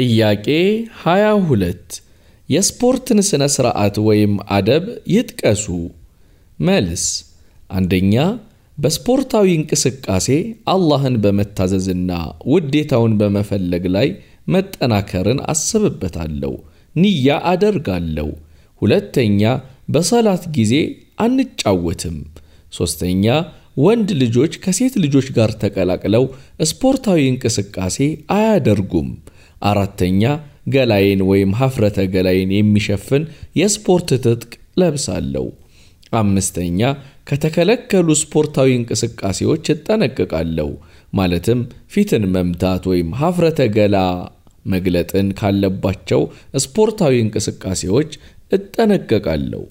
ጥያቄ 22 የስፖርትን ሥነ ሥርዓት ወይም አደብ ይጥቀሱ። መልስ፣ አንደኛ በስፖርታዊ እንቅስቃሴ አላህን በመታዘዝና ውዴታውን በመፈለግ ላይ መጠናከርን አስብበታለሁ፣ ንያ አደርጋለሁ። ሁለተኛ በሰላት ጊዜ አንጫወትም። ሦስተኛ ወንድ ልጆች ከሴት ልጆች ጋር ተቀላቅለው ስፖርታዊ እንቅስቃሴ አያደርጉም። አራተኛ ገላይን ወይም ሀፍረተ ገላይን የሚሸፍን የስፖርት ትጥቅ ለብሳለሁ። አምስተኛ ከተከለከሉ ስፖርታዊ እንቅስቃሴዎች እጠነቅቃለሁ። ማለትም ፊትን መምታት ወይም ሀፍረተ ገላ መግለጥን ካለባቸው ስፖርታዊ እንቅስቃሴዎች እጠነቀቃለሁ።